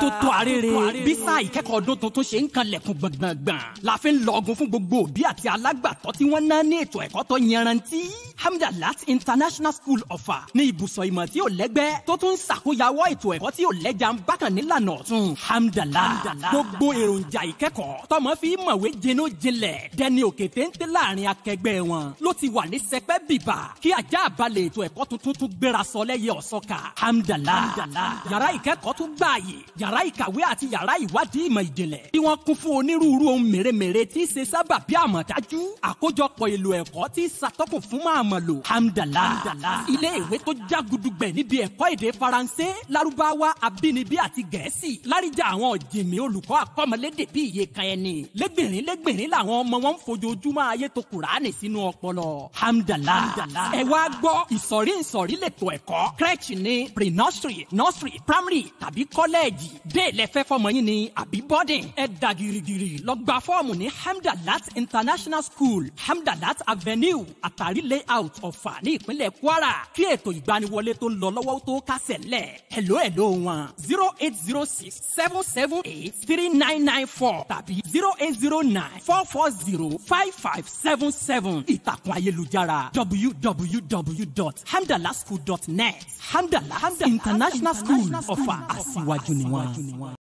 tó tó arére bí sáà ìkẹ́kọ̀ọ́ ọdún tuntun ṣe ń kanlẹ̀kùn gbọ̀ngbọ̀ngbọ̀n la fi ń lọ́ọ̀gùn fún gbogbo òbí àti alágbàtọ́ tí wọ́n ná ní ètò ẹ̀kọ́ tó yanrantí Hamdalat International School ọ̀fà ní ibùsọ̀ ìmọ̀ tí ò lẹ́gbẹ́ tó tún ń ṣàkóyawọ́ ètò ẹ̀kọ́ tí ò lẹ́jà ń bákan nílànà ọ̀tún Hamdalat gbogbo èròjà ìkẹ́kọ̀ọ́ tọmọ fi mọ̀wé jẹnú jinlẹ̀ dẹni òkè téńté láàrin akẹgbẹ́ wọn ló ti wà ní sẹpẹ́ bìbà kí ajá àbálẹ̀ ètò ẹ̀kọ́ tuntun tún gbéra sọ lẹ́yẹ ọ̀sọ́ka Hamdalat yàrá ìkẹ́kọ̀ọ́ tún gbààyè yàrá ìkàwé àti yàrá ìwádìí ìmọ̀ ìjìnlẹ̀ tí wọ́n kún fún onírúurú máa hamdala ilé ìwé tó jágudugbẹ̀ nídìí ẹ̀kọ́ èdè faransé larubawa abínibí àti gẹ̀ẹ́sì láríjà àwọn jìnmí olùkọ́ àkọ́mọlédè bí iye kan ẹni lẹ́gbìnrin lẹ́gbìnrin làwọn ọmọ wọn ń fojoojúmọ́ ayé tó kùránì sínú ọpọlọ hamdala ẹ wá gbọ́ ìsọ̀rí ìsọ̀rí lẹ́tọ̀ ẹ̀kọ́ crèche ni pre-nursery primary tàbí kọ́lẹ́ẹ̀jì dé lẹ́fẹ́ fọmọ yín ni àbí bọ́dìn ẹ dà gírígírí lọ gba fọ́ọ̀mù ní hamdalat international school Hamdala avenue àtàrí layout south ọ̀fà ní ìpínlẹ̀ kwara kí ètò ìgbaniwọlé tó ń lọ lọ́wọ́ tó kásẹ̀ lẹ̀ hello hello wọn zero eight zero six seven seven eight three nine nine four tàbí zero eight zero nine four four zero five five seven seven ìtàkùn ayélujára www.hamdalaschool.net hamdala international school ọ̀fà àṣìwájú ni wọ́n.